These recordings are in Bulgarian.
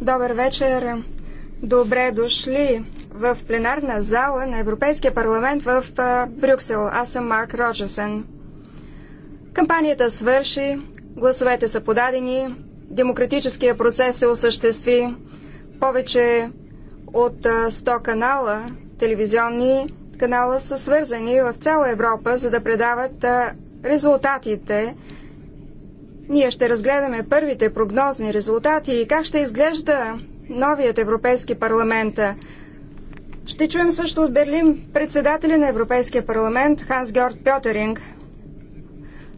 Добър вечер! Добре дошли в пленарна зала на Европейския парламент в Брюксел. Аз съм Марк Роджесен. Кампанията свърши, гласовете са подадени, демократическия процес се осъществи. Повече от 100 канала, телевизионни канала са свързани в цяла Европа, за да предават резултатите ние ще разгледаме първите прогнозни резултати и как ще изглежда новият Европейски парламент. Ще чуем също от Берлин председателя на Европейския парламент Ханс Георг Пьотеринг,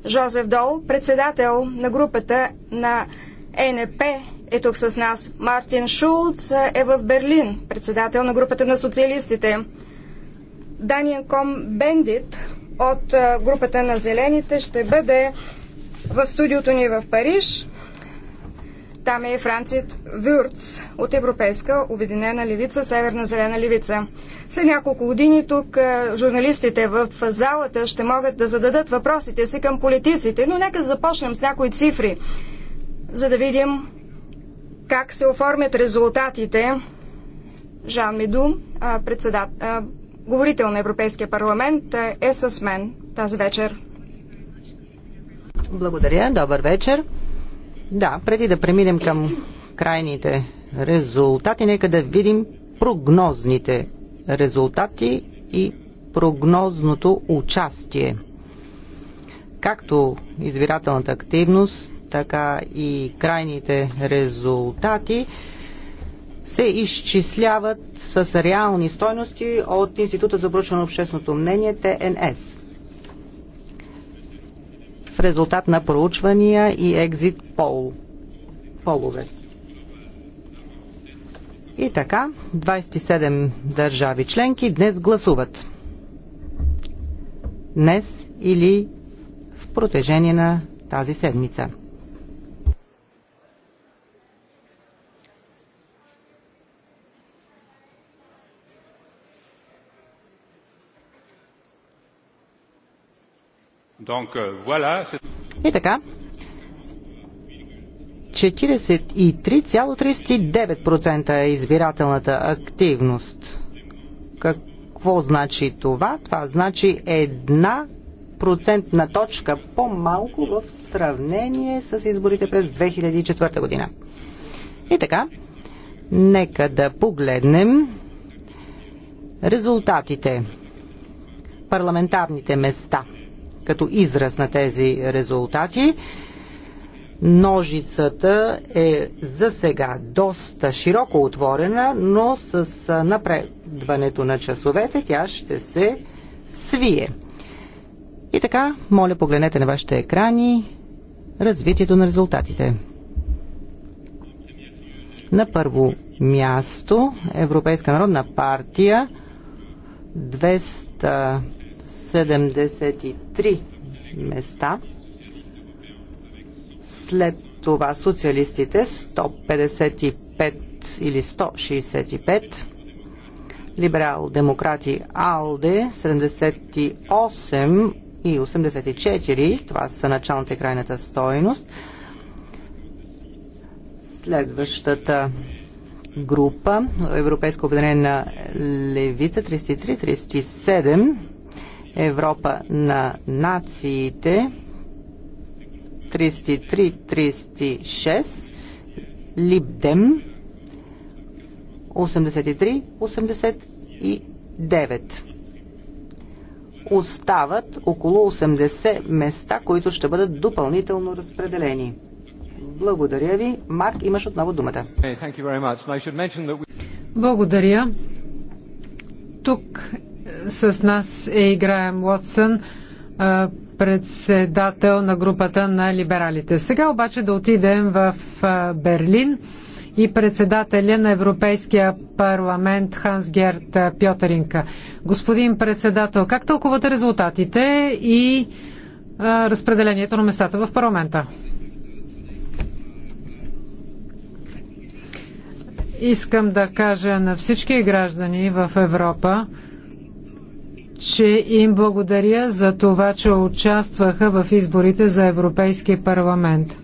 Жозеф Дол, председател на групата на ЕНП е тук с нас. Мартин Шулц е в Берлин, председател на групата на социалистите. Даниен Ком Бендит от групата на Зелените ще бъде в студиото ни в Париж. Там е Францит Вюрц от Европейска обединена левица, Северна зелена левица. След няколко години тук е, журналистите в залата ще могат да зададат въпросите си към политиците, но нека започнем с някои цифри, за да видим как се оформят резултатите. Жан Миду, председател, говорител на Европейския парламент, е с мен тази вечер. Благодаря. Добър вечер. Да, преди да преминем към крайните резултати, нека да видим прогнозните резултати и прогнозното участие. Както избирателната активност, така и крайните резултати се изчисляват с реални стойности от Института за обръчване на общественото мнение ТНС в резултат на проучвания и екзит пол, полове. И така, 27 държави членки днес гласуват. Днес или в протежение на тази седмица. Euh, и така, 43,39% е избирателната активност. Какво значи това? Това значи една процентна точка по-малко в сравнение с изборите през 2004 година. И така, нека да погледнем резултатите. Парламентарните места – като израз на тези резултати. Ножицата е за сега доста широко отворена, но с напредването на часовете тя ще се свие. И така, моля погледнете на вашите екрани развитието на резултатите. На първо място Европейска народна партия 200 73 места. След това социалистите 155 или 165 либерал-демократи АЛДЕ 78 и 84, това са началната и крайната стоеност. Следващата група Европейско обединение на левица 33-37 Европа на нациите 33-36 Либдем 83-89 остават около 80 места, които ще бъдат допълнително разпределени. Благодаря ви. Марк, имаш отново думата. Благодаря. Тук с нас е играем Уотсън, председател на групата на либералите. Сега обаче да отидем в Берлин и председателя на Европейския парламент Ханс Герт Пьотеринка. Господин председател, как тълкувате резултатите и разпределението на местата в парламента? Искам да кажа на всички граждани в Европа, ще им благодаря за това, че участваха в изборите за Европейски парламент.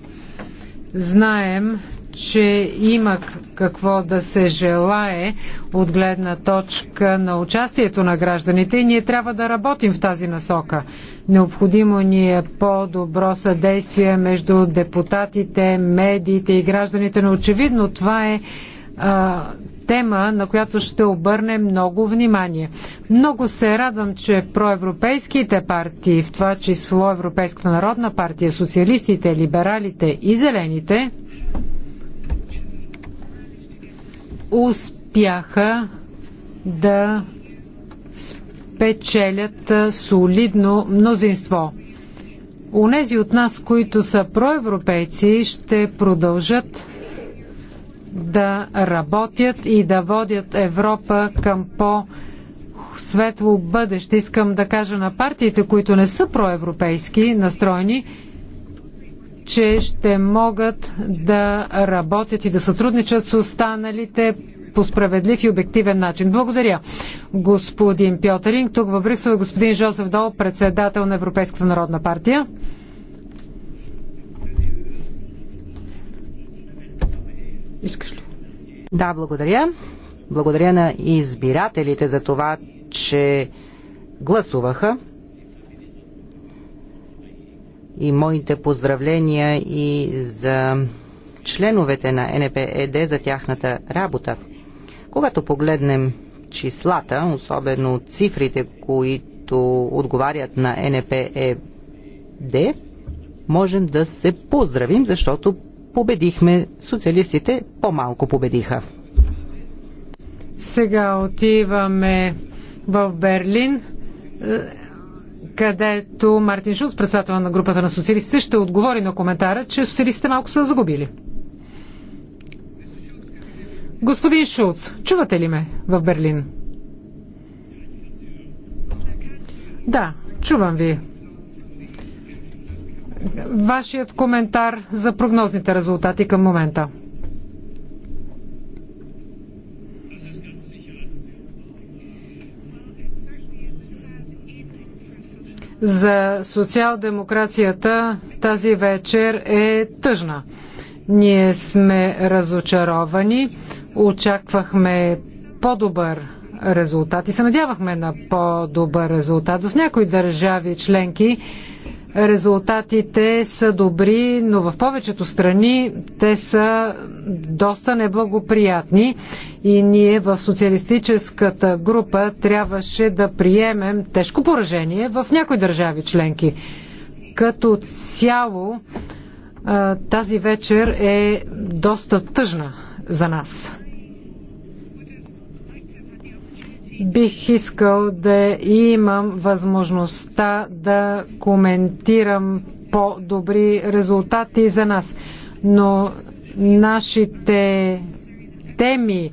Знаем, че има какво да се желае от гледна точка на участието на гражданите и ние трябва да работим в тази насока. Необходимо ни е по-добро съдействие между депутатите, медиите и гражданите, но очевидно това е а, тема, на която ще обърне много внимание. Много се радвам, че проевропейските партии, в това число Европейската народна партия, социалистите, либералите и зелените, успяха да спечелят солидно мнозинство. Унези от нас, които са проевропейци, ще продължат да работят и да водят Европа към по- светло бъдеще. Искам да кажа на партиите, които не са проевропейски настроени, че ще могат да работят и да сътрудничат с останалите по справедлив и обективен начин. Благодаря, господин Пьотеринг. Тук в Брюксел е господин Жозеф Дол, председател на Европейската народна партия. Искаш ли? Да, благодаря. Благодаря на избирателите за това, че гласуваха. И моите поздравления и за членовете на НПЕД за тяхната работа. Когато погледнем числата, особено цифрите, които отговарят на НПЕД, можем да се поздравим, защото победихме, социалистите по-малко победиха. Сега отиваме в Берлин, е, където Мартин Шулц, председател на групата на социалистите, ще отговори на коментара, че социалистите малко са загубили. Господин Шулц, чувате ли ме в Берлин? Да, чувам ви вашият коментар за прогнозните резултати към момента. За социал-демокрацията тази вечер е тъжна. Ние сме разочаровани, очаквахме по-добър резултат и се надявахме на по-добър резултат. В някои държави членки Резултатите са добри, но в повечето страни те са доста неблагоприятни и ние в социалистическата група трябваше да приемем тежко поражение в някои държави членки. Като цяло тази вечер е доста тъжна за нас. Бих искал да имам възможността да коментирам по-добри резултати за нас. Но нашите теми,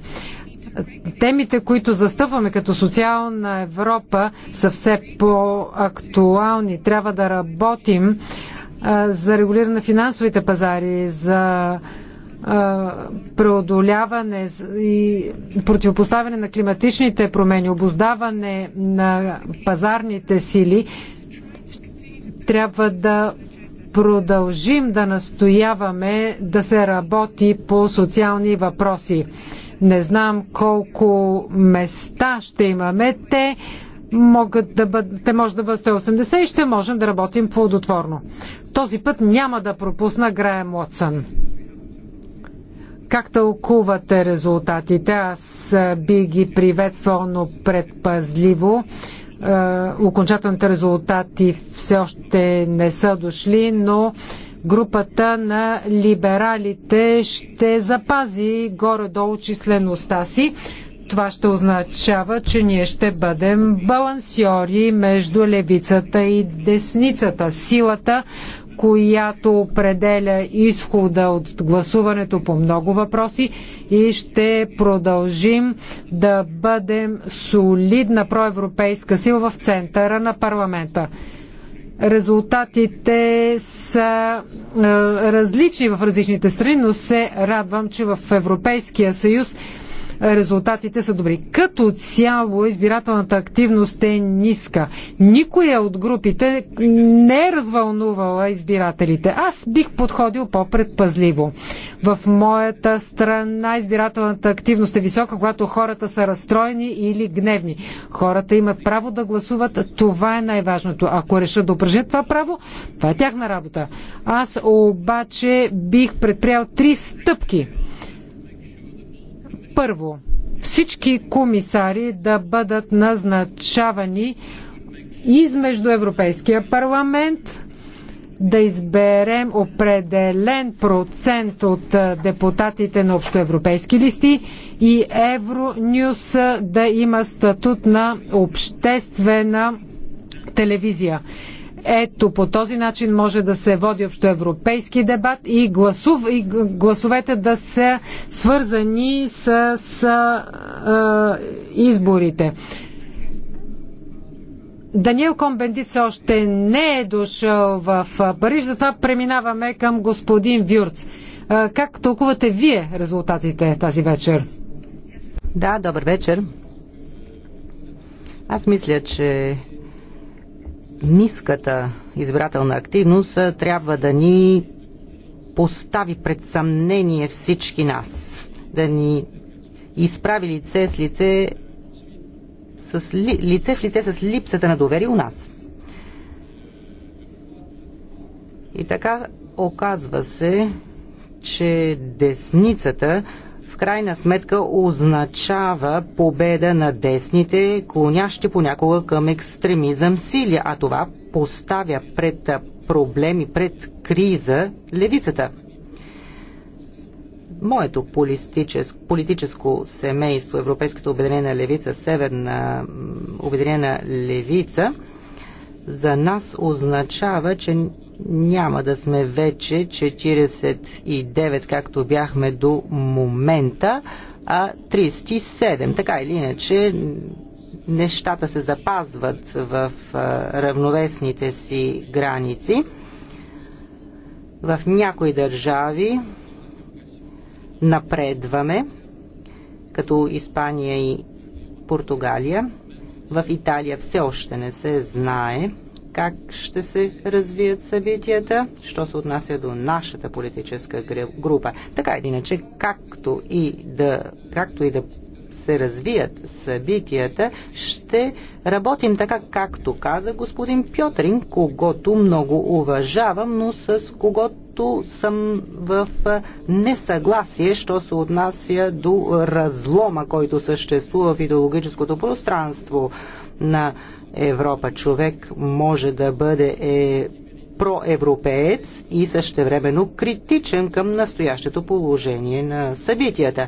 темите, които застъпваме като социална Европа, са все по-актуални. Трябва да работим за регулиране на финансовите пазари, за преодоляване и противопоставяне на климатичните промени, обоздаване на пазарните сили, трябва да продължим да настояваме да се работи по социални въпроси. Не знам колко места ще имаме. Те могат да бъд, те може да бъдат 180 и ще можем да работим плодотворно. Този път няма да пропусна Граем Уотсън. Как тълкувате резултатите? Аз би ги приветствал, но предпазливо. окончателните резултати все още не са дошли, но групата на либералите ще запази горе-долу числеността си. Това ще означава, че ние ще бъдем балансьори между левицата и десницата. Силата, която определя изхода от гласуването по много въпроси и ще продължим да бъдем солидна проевропейска сила в центъра на парламента. Резултатите са различни в различните страни, но се радвам, че в Европейския съюз резултатите са добри. Като цяло избирателната активност е ниска. Никоя от групите не е развълнувала избирателите. Аз бих подходил по-предпазливо. В моята страна избирателната активност е висока, когато хората са разстроени или гневни. Хората имат право да гласуват. Това е най-важното. Ако решат да упражнят това право, това е тяхна работа. Аз обаче бих предприял три стъпки. Първо, всички комисари да бъдат назначавани измежду Европейския парламент, да изберем определен процент от депутатите на общоевропейски листи и Евронюс да има статут на обществена телевизия. Ето по този начин може да се води общоевропейски дебат и, гласов, и гласовете да са свързани с, с а, изборите. Даниел Комбенди все още не е дошъл в Париж, затова преминаваме към господин Вюрц. Как толкувате вие резултатите тази вечер? Да, добър вечер. Аз мисля, че ниската избирателна активност трябва да ни постави пред съмнение всички нас, да ни изправи лице с лице с ли, лице в лице с липсата на доверие у нас. И така оказва се, че десницата в крайна сметка означава победа на десните, клонящи понякога към екстремизъм сили, а това поставя пред проблеми, пред криза левицата. Моето политическо, политическо семейство, Европейската обединена левица, Северна обединена левица, за нас означава, че няма да сме вече 49, както бяхме до момента, а 37. Така или иначе, нещата се запазват в равновесните си граници. В някои държави напредваме, като Испания и Португалия. В Италия все още не се знае как ще се развият събитията, що се отнася до нашата политическа група. Така или иначе, както и да, както и да се развият събитията, ще работим така, както каза господин Пьотрин, когото много уважавам, но с когото съм в несъгласие, що се отнася до разлома, който съществува в идеологическото пространство на Европа. Човек може да бъде е, проевропеец и същевременно критичен към настоящето положение на събитията.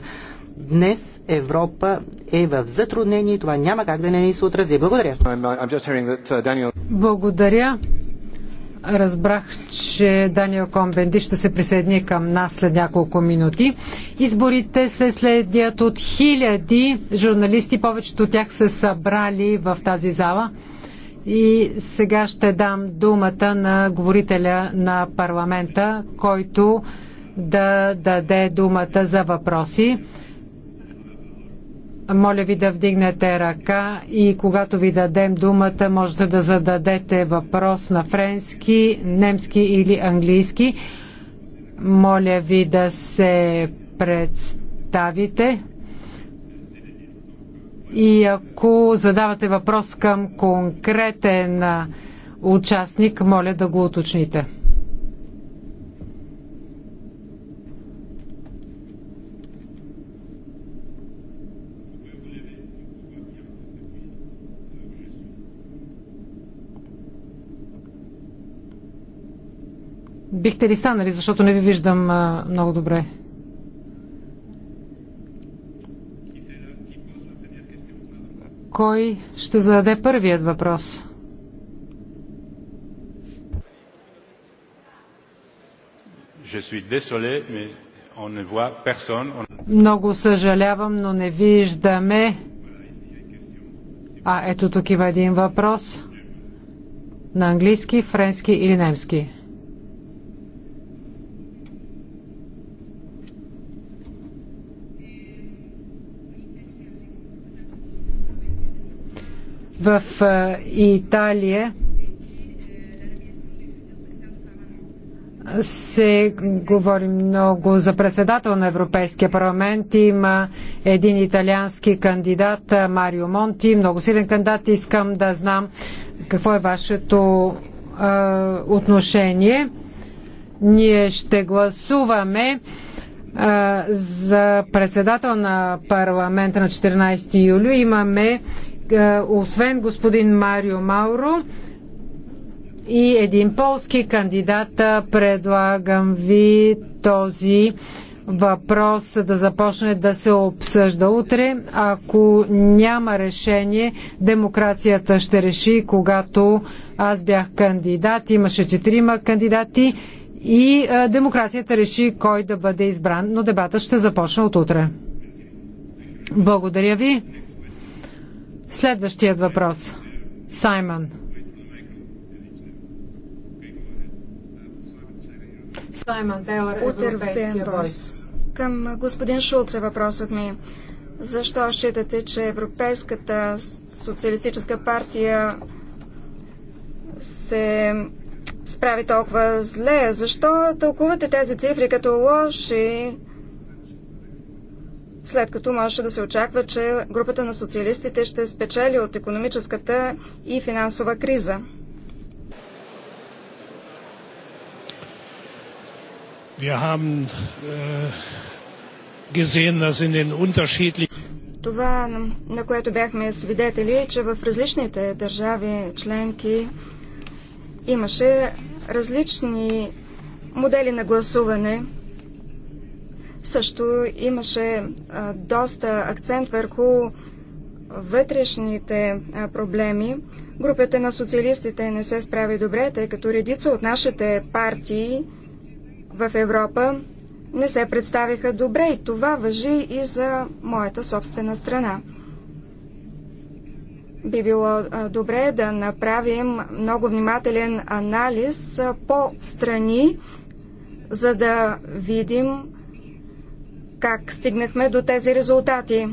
Днес Европа е в затруднение и това няма как да не ни се отрази. Благодаря. Uh, Благодаря. Разбрах, че Даниел Комбенди ще се присъедини към нас след няколко минути. Изборите се следят от хиляди журналисти. Повечето от тях се събрали в тази зала. И сега ще дам думата на говорителя на парламента, който да даде думата за въпроси. Моля ви да вдигнете ръка и когато ви дадем думата, можете да зададете въпрос на френски, немски или английски. Моля ви да се представите. И ако задавате въпрос към конкретен участник, моля да го уточните. Бихте ли станали, защото не ви виждам много добре? Кой ще зададе първият въпрос? Много съжалявам, но не виждаме. А ето тук има един въпрос. На английски, френски или немски? В Италия се говори много за председател на Европейския парламент. Има един италиански кандидат, Марио Монти, много силен кандидат. Искам да знам какво е вашето е, отношение. Ние ще гласуваме е, за председател на парламента на 14 юли. Имаме е, освен господин Марио Мауро и един полски кандидат, предлагам ви този въпрос да започне да се обсъжда утре. Ако няма решение, демокрацията ще реши, когато аз бях кандидат, имаше четирима кандидати и демокрацията реши кой да бъде избран, но дебата ще започне от утре. Благодаря ви. Следващият въпрос. Саймън. Саймън Телър, Европейския бойс. Към господин Шулц е въпросът ми. Защо считате, че Европейската социалистическа партия се справи толкова зле? Защо тълкувате тези цифри като лоши? след като можеше да се очаква, че групата на социалистите ще спечели от економическата и финансова криза. Äh, Това, на което бяхме свидетели, е, че в различните държави членки имаше различни модели на гласуване – също имаше доста акцент върху вътрешните проблеми. Групата на социалистите не се справи добре, тъй като редица от нашите партии в Европа не се представиха добре и това въжи и за моята собствена страна. Би било добре да направим много внимателен анализ по страни, за да видим как стигнахме до тези резултати.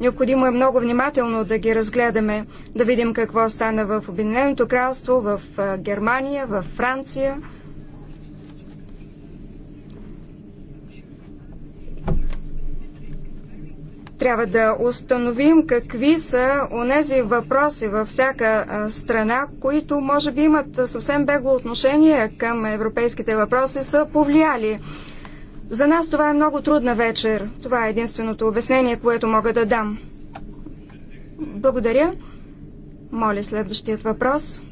Необходимо е много внимателно да ги разгледаме, да видим какво стана в Обединеното кралство, в Германия, в Франция. Трябва да установим какви са онези въпроси във всяка страна, които може би имат съвсем бегло отношение към европейските въпроси, са повлияли за нас това е много трудна вечер. Това е единственото обяснение, което мога да дам. Благодаря. Моля следващият въпрос.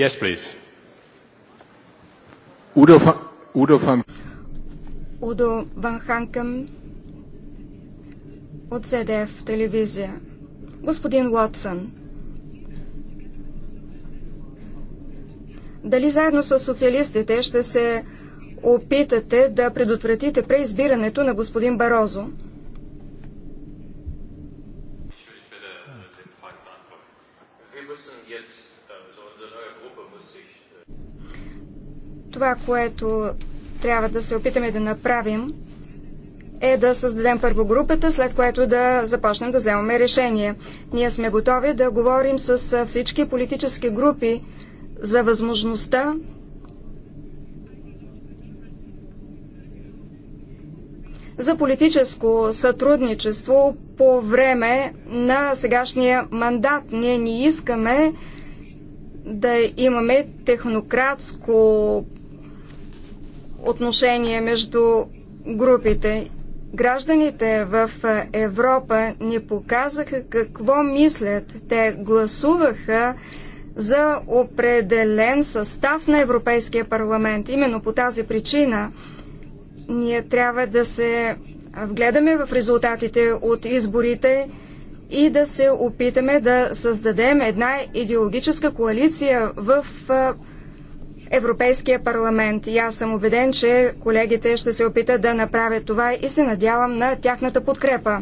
Yes, please. Udo van, Udo van... Удо Ван Ханкъм от CDF телевизия. Господин Уотсън, Дали заедно с социалистите ще се опитате да предотвратите преизбирането на господин Барозо? Това, което трябва да се опитаме да направим, е да създадем първо групата, след което да започнем да вземаме решение. Ние сме готови да говорим с всички политически групи, за възможността за политическо сътрудничество по време на сегашния мандат. Ние не искаме да имаме технократско отношение между групите. Гражданите в Европа ни показаха какво мислят. Те гласуваха за определен състав на Европейския парламент. Именно по тази причина ние трябва да се вгледаме в резултатите от изборите и да се опитаме да създадем една идеологическа коалиция в Европейския парламент. И аз съм убеден, че колегите ще се опитат да направят това и се надявам на тяхната подкрепа.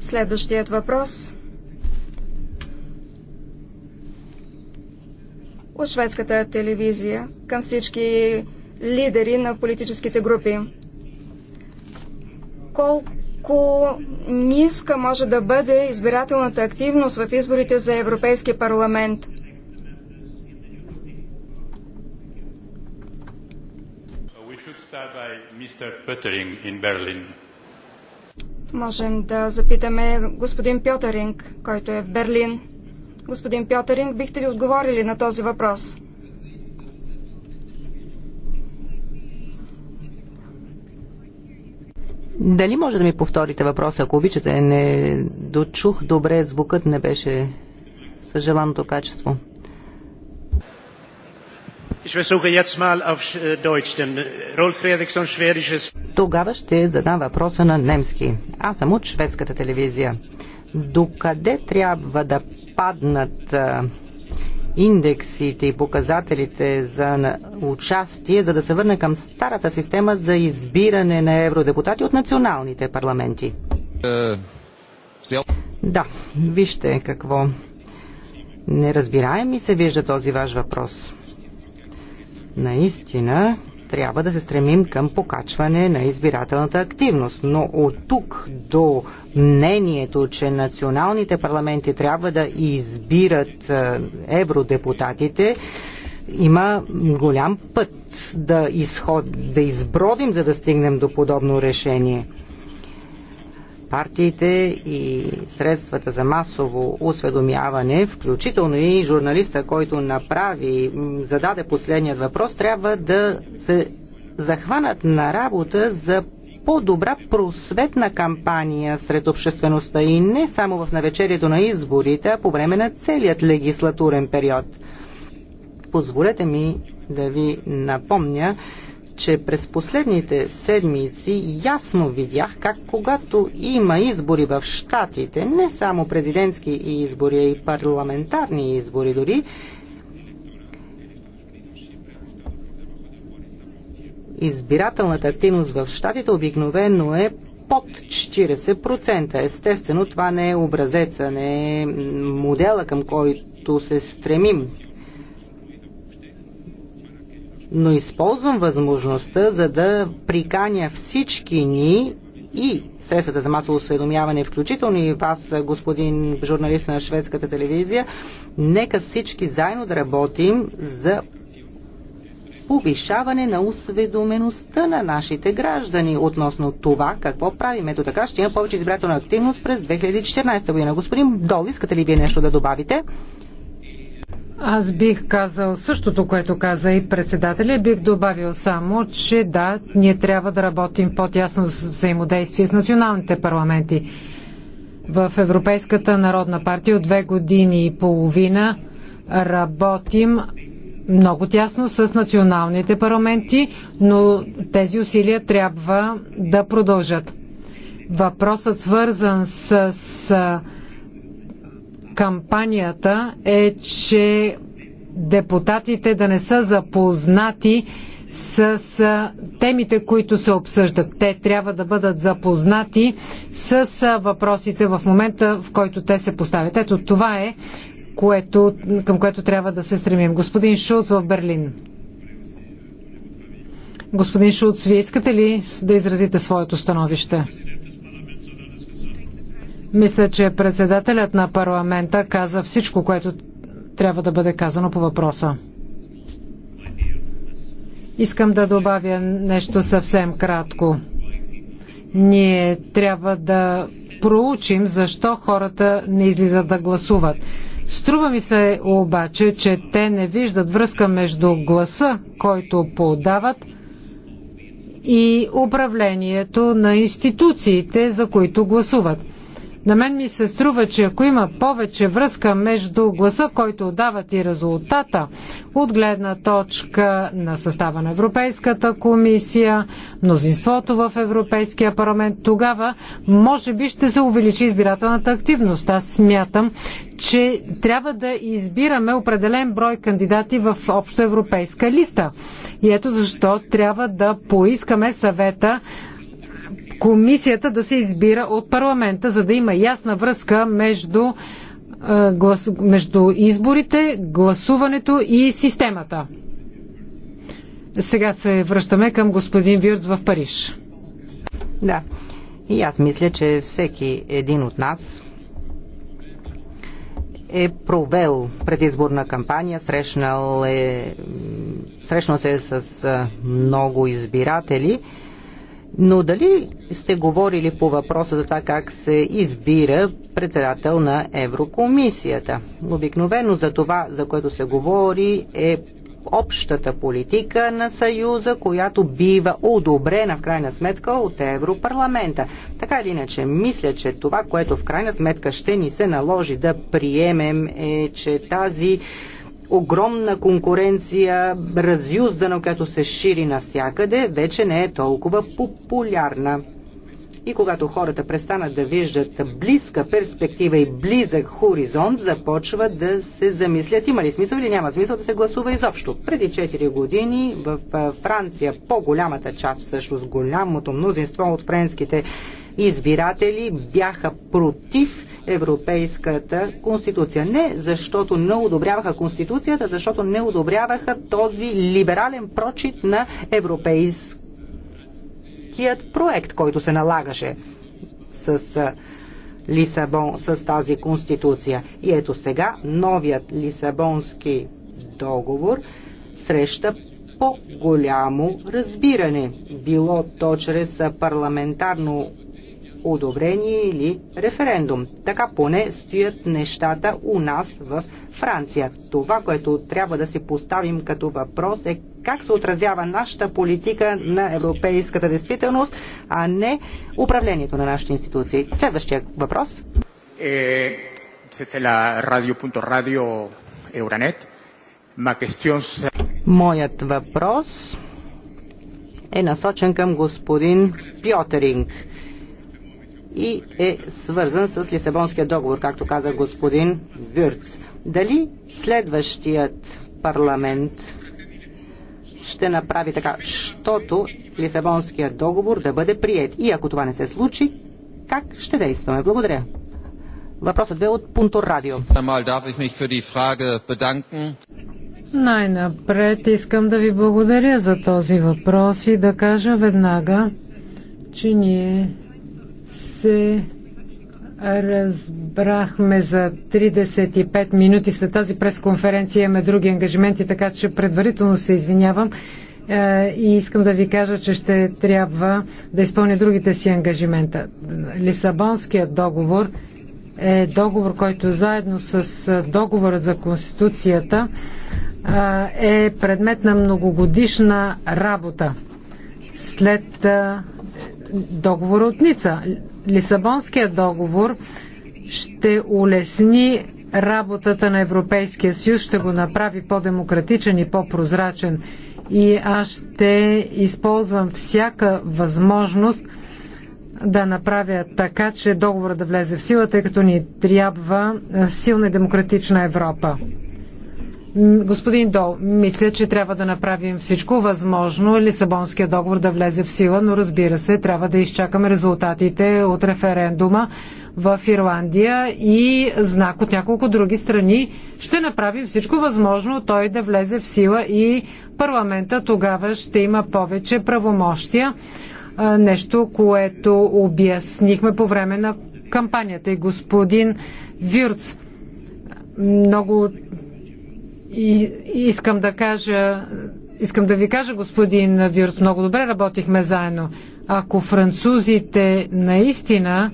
Следващият въпрос от шведската телевизия към всички лидери на политическите групи. Колко ниска може да бъде избирателната активност в изборите за Европейски парламент? Можем да запитаме господин Пьотеринг, който е в Берлин. Господин Пьотеринг, бихте ли отговорили на този въпрос? Дали може да ми повторите въпроса, ако обичате? Не дочух добре, звукът не беше със желаното качество. Äh, äh, Тогава ще задам въпроса на немски. Аз съм от шведската телевизия. Докъде трябва да паднат индексите и показателите за участие, за да се върне към старата система за избиране на евродепутати от националните парламенти. Е, да, вижте какво неразбираем и се вижда този ваш въпрос. Наистина, трябва да се стремим към покачване на избирателната активност. Но от тук до мнението, че националните парламенти трябва да избират е, евродепутатите, има голям път да, изход, да избровим, за да стигнем до подобно решение партиите и средствата за масово осведомяване, включително и журналиста, който направи, зададе последният въпрос, трябва да се захванат на работа за по-добра просветна кампания сред обществеността и не само в навечерието на изборите, а по време на целият легислатурен период. Позволете ми да ви напомня, че през последните седмици ясно видях как когато има избори в щатите, не само президентски избори, а и парламентарни избори дори, избирателната активност в щатите обикновено е под 40%. Естествено, това не е образеца, не е модела към който се стремим но използвам възможността, за да приканя всички ни и средствата за масово осведомяване, включително и вас, господин журналист на шведската телевизия, нека всички заедно да работим за повишаване на осведомеността на нашите граждани относно това какво правим. Ето така ще има повече избирателна активност през 2014 година. Господин Дол, искате ли вие нещо да добавите? Аз бих казал същото, което каза и председателя. Бих добавил само, че да, ние трябва да работим по-тясно с взаимодействие с националните парламенти. В Европейската народна партия от две години и половина работим много тясно с националните парламенти, но тези усилия трябва да продължат. Въпросът свързан с, с кампанията е, че депутатите да не са запознати с темите, които се обсъждат. Те трябва да бъдат запознати с въпросите в момента, в който те се поставят. Ето това е, което, към което трябва да се стремим. Господин Шулц в Берлин. Господин Шулц, вие искате ли да изразите своето становище? Мисля, че председателят на парламента каза всичко, което трябва да бъде казано по въпроса. Искам да добавя нещо съвсем кратко. Ние трябва да проучим защо хората не излизат да гласуват. Струва ми се обаче, че те не виждат връзка между гласа, който подават, и управлението на институциите, за които гласуват. На мен ми се струва, че ако има повече връзка между гласа, който дават и резултата, от гледна точка на състава на Европейската комисия, мнозинството в Европейския парламент, тогава може би ще се увеличи избирателната активност. Аз смятам, че трябва да избираме определен брой кандидати в общоевропейска листа. И ето защо трябва да поискаме съвета комисията да се избира от парламента, за да има ясна връзка между, глас, между изборите, гласуването и системата. Сега се връщаме към господин Вюрц в Париж. Да. И аз мисля, че всеки един от нас е провел предизборна кампания, срещнал, е, срещнал се е с много избиратели но дали сте говорили по въпроса за това как се избира председател на Еврокомисията? Обикновено за това, за което се говори, е общата политика на Съюза, която бива одобрена в крайна сметка от Европарламента. Така или иначе, мисля, че това, което в крайна сметка ще ни се наложи да приемем е, че тази огромна конкуренция, разюздана, която се шири навсякъде, вече не е толкова популярна. И когато хората престанат да виждат близка перспектива и близък хоризонт, започват да се замислят има ли смисъл или няма смисъл да се гласува изобщо. Преди 4 години в Франция по-голямата част, всъщност голямото мнозинство от френските избиратели бяха против Европейската конституция. Не защото не одобряваха конституцията, защото не одобряваха този либерален прочит на европейският проект, който се налагаше с Лисабон, с тази конституция. И ето сега новият Лисабонски договор среща по-голямо разбиране, било то чрез парламентарно одобрение или референдум. Така поне стоят нещата у нас в Франция. Това, което трябва да си поставим като въпрос е как се отразява нашата политика на европейската действителност, а не управлението на нашите институции. Следващия въпрос. Е, Euronet. Моят въпрос е насочен към господин Пьотеринг и е свързан с Лисабонския договор, както каза господин Вюрц. Дали следващият парламент ще направи така, щото Лисабонския договор да бъде прият. И ако това не се случи, как ще действаме? Благодаря. Въпросът бе от Пунто Радио. Най-напред искам да ви благодаря за този въпрос и да кажа веднага, че ние се разбрахме за 35 минути след тази пресконференция. Имаме други ангажименти, така че предварително се извинявам е, и искам да ви кажа, че ще трябва да изпълня другите си ангажимента. Лисабонският договор е договор, който заедно с договорът за Конституцията е предмет на многогодишна работа след е, договора от Ница. Лисабонския договор ще улесни работата на Европейския съюз, ще го направи по-демократичен и по-прозрачен. И аз ще използвам всяка възможност да направя така, че договорът да влезе в сила, тъй като ни трябва силна и демократична Европа. Господин Дол, мисля, че трябва да направим всичко възможно Лисабонския договор да влезе в сила, но разбира се, трябва да изчакаме резултатите от референдума в Ирландия и знак от няколко други страни. Ще направим всичко възможно той да влезе в сила и парламента тогава ще има повече правомощия. Нещо, което обяснихме по време на кампанията и господин Вюрц много и, искам да кажа, искам да ви кажа, господин Вирус, много добре работихме заедно. Ако французите наистина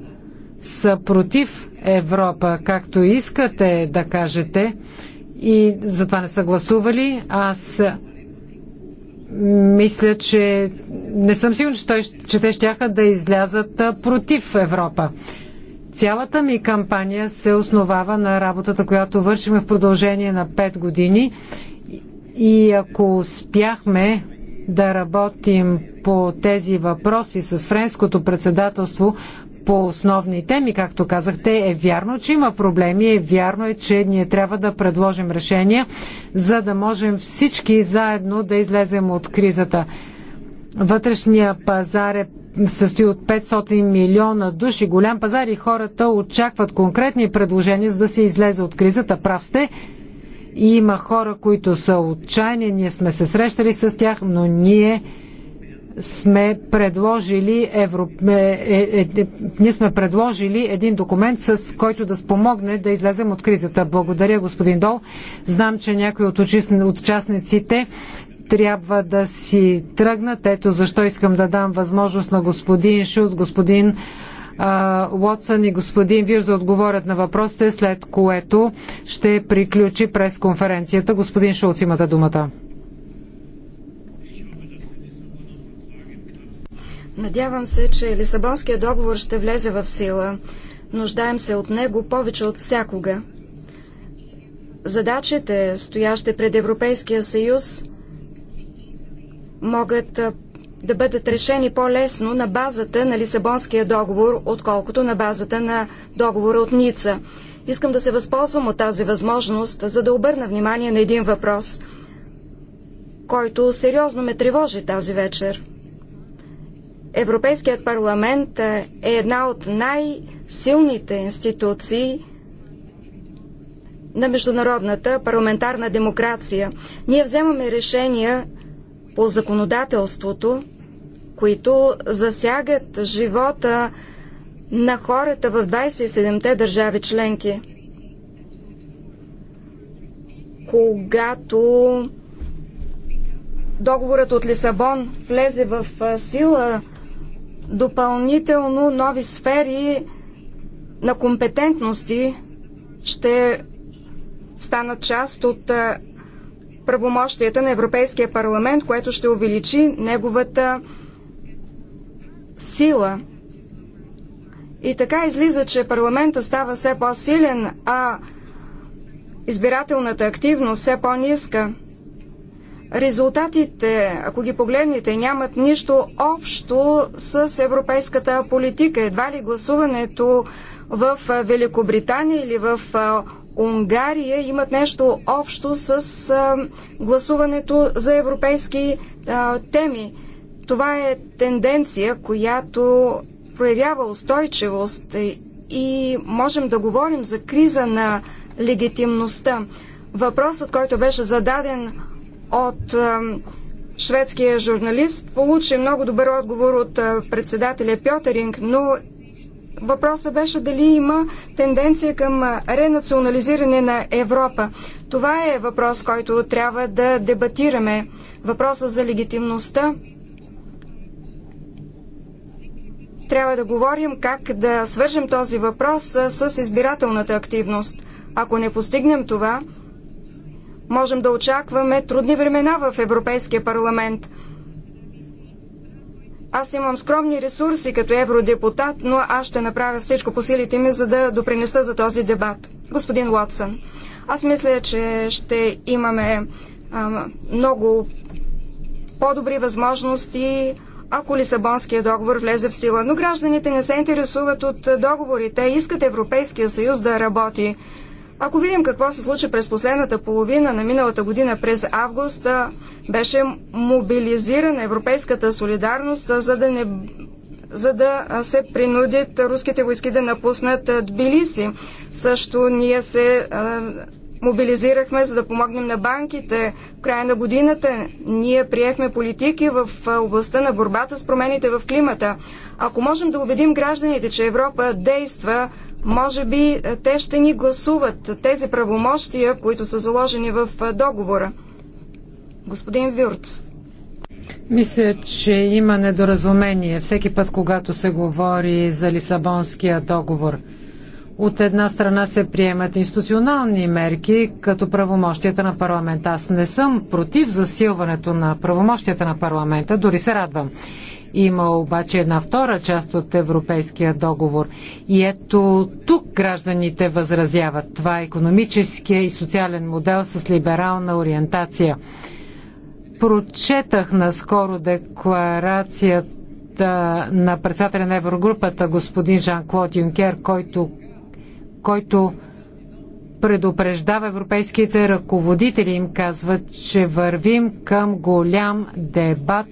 са против Европа, както искате да кажете, и затова не са гласували, аз мисля, че не съм сигурен, че, той, че те ще да излязат против Европа. Цялата ми кампания се основава на работата, която вършиме в продължение на 5 години и ако успяхме да работим по тези въпроси с френското председателство по основни теми, както казахте, е вярно, че има проблеми, е вярно е, че ние трябва да предложим решения, за да можем всички заедно да излезем от кризата. Вътрешния пазар е състои от 500 милиона души. Голям пазар и хората очакват конкретни предложения, за да се излезе от кризата. Прав сте. И има хора, които са отчаяни. Ние сме се срещали с тях, но ние сме предложили Европ... Е, е, е, е, ние сме предложили един документ, с който да спомогне да излезем от кризата. Благодаря, господин Дол. Знам, че някои от участниците трябва да си тръгнат. Ето защо искам да дам възможност на господин Шулц, господин Уотсън и господин Вирс да отговорят на въпросите, след което ще приключи през конференцията. Господин Шулц, имате думата. Надявам се, че Лисабонския договор ще влезе в сила. Нуждаем се от него повече от всякога. Задачите, стоящи пред Европейския съюз, могат да бъдат решени по-лесно на базата на Лисабонския договор, отколкото на базата на договора от Ница. Искам да се възползвам от тази възможност, за да обърна внимание на един въпрос, който сериозно ме тревожи тази вечер. Европейският парламент е една от най-силните институции на международната парламентарна демокрация. Ние вземаме решения по законодателството, които засягат живота на хората в 27-те държави членки. Когато договорът от Лисабон влезе в сила, допълнително нови сфери на компетентности ще станат част от правомощията на Европейския парламент, което ще увеличи неговата сила. И така излиза, че парламента става все по-силен, а избирателната активност все по-ниска. Резултатите, ако ги погледнете, нямат нищо общо с европейската политика. Едва ли гласуването в Великобритания или в Унгария имат нещо общо с а, гласуването за европейски а, теми. Това е тенденция, която проявява устойчивост и можем да говорим за криза на легитимността. Въпросът, който беше зададен от а, шведския журналист, получи много добър отговор от председателя Пьотеринг, но въпросът беше дали има тенденция към ренационализиране на Европа. Това е въпрос, който трябва да дебатираме. Въпроса за легитимността. Трябва да говорим как да свържем този въпрос с избирателната активност. Ако не постигнем това, можем да очакваме трудни времена в Европейския парламент – аз имам скромни ресурси като евродепутат, но аз ще направя всичко по силите ми, за да допринеса за този дебат. Господин Уотсън, аз мисля, че ще имаме а, много по-добри възможности, ако Лисабонския договор влезе в сила. Но гражданите не се интересуват от договорите. Искат Европейския съюз да работи. Ако видим какво се случи през последната половина на миналата година, през август, беше мобилизирана европейската солидарност, за да не за да се принудят руските войски да напуснат Тбилиси. Също ние се а, мобилизирахме, за да помогнем на банките. В края на годината ние приехме политики в областта на борбата с промените в климата. Ако можем да убедим гражданите, че Европа действа, може би е, те ще ни гласуват тези правомощия, които са заложени в е, договора. Господин Вюрц. Мисля, че има недоразумение всеки път, когато се говори за Лисабонския договор. От една страна се приемат институционални мерки, като правомощията на парламента. Аз не съм против засилването на правомощията на парламента, дори се радвам. Има обаче една втора част от Европейския договор. И ето тук гражданите възразяват. Това е економическия и социален модел с либерална ориентация. Прочетах наскоро декларацията на председателя на Еврогрупата, господин Жан-Клод Юнкер, който, който предупреждава европейските ръководители, им казва, че вървим към голям дебат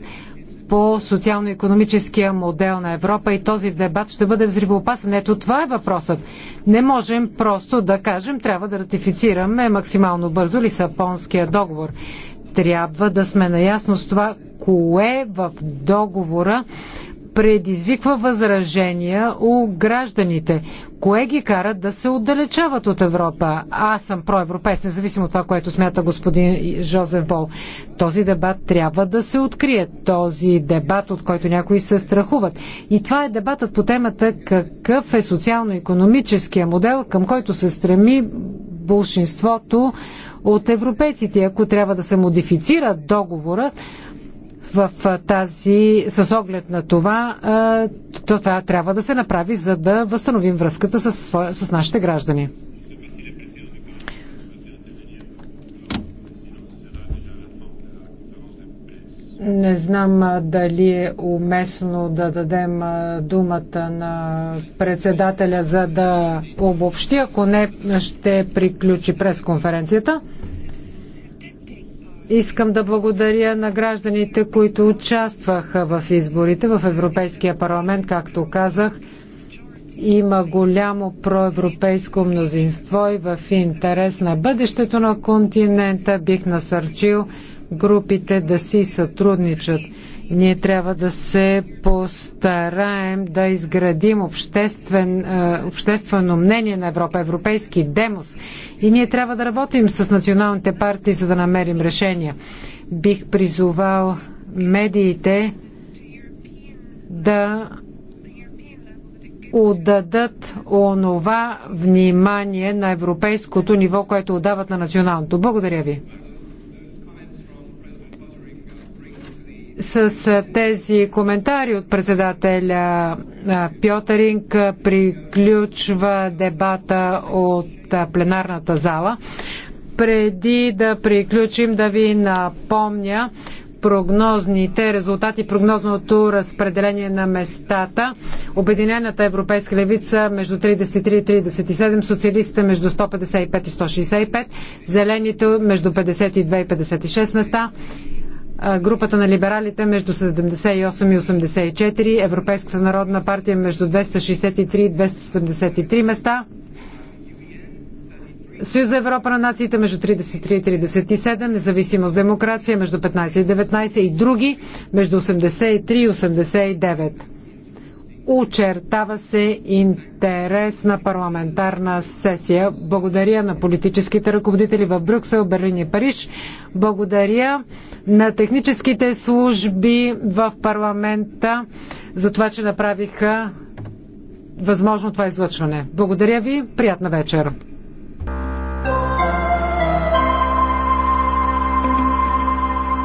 по социално-економическия модел на Европа и този дебат ще бъде взривоопасен. Ето това е въпросът. Не можем просто да кажем, трябва да ратифицираме максимално бързо Лисапонския договор. Трябва да сме наясно с това, кое в договора предизвиква възражения у гражданите. Кое ги кара да се отдалечават от Европа? Аз съм проевропейс, независимо от това, което смята господин Жозеф Бол. Този дебат трябва да се открие. Този дебат, от който някои се страхуват. И това е дебатът по темата какъв е социално-економическия модел, към който се стреми большинството от европейците. Ако трябва да се модифицира договора, в тази, с оглед на това, това трябва да се направи, за да възстановим връзката с, с нашите граждани. Не знам дали е уместно да дадем думата на председателя, за да обобщи, ако не ще приключи пресконференцията. Искам да благодаря на гражданите, които участваха в изборите в Европейския парламент, както казах. Има голямо проевропейско мнозинство и в интерес на бъдещето на континента бих насърчил групите да си сътрудничат. Ние трябва да се постараем да изградим обществен, е, обществено мнение на Европа, европейски демос. И ние трябва да работим с националните партии, за да намерим решения. Бих призовал медиите да отдадат онова внимание на европейското ниво, което отдават на националното. Благодаря ви. С тези коментари от председателя Пьотеринг приключва дебата от пленарната зала. Преди да приключим, да ви напомня прогнозните резултати, прогнозното разпределение на местата. Обединената европейска левица между 33 и 37, социалистите между 155 и 165, зелените между 52 и 56 места групата на либералите между 78 и 84, Европейската народна партия между 263 и 273 места, Съюз за Европа на нациите между 33 и 37, независимост демокрация между 15 и 19 и други между 83 и 89. Очертава се интерес на парламентарна сесия. Благодаря на политическите ръководители в Брюксел, Берлин и Париж. Благодаря на техническите служби в парламента за това, че направиха възможно това излъчване. Благодаря ви. Приятна вечер.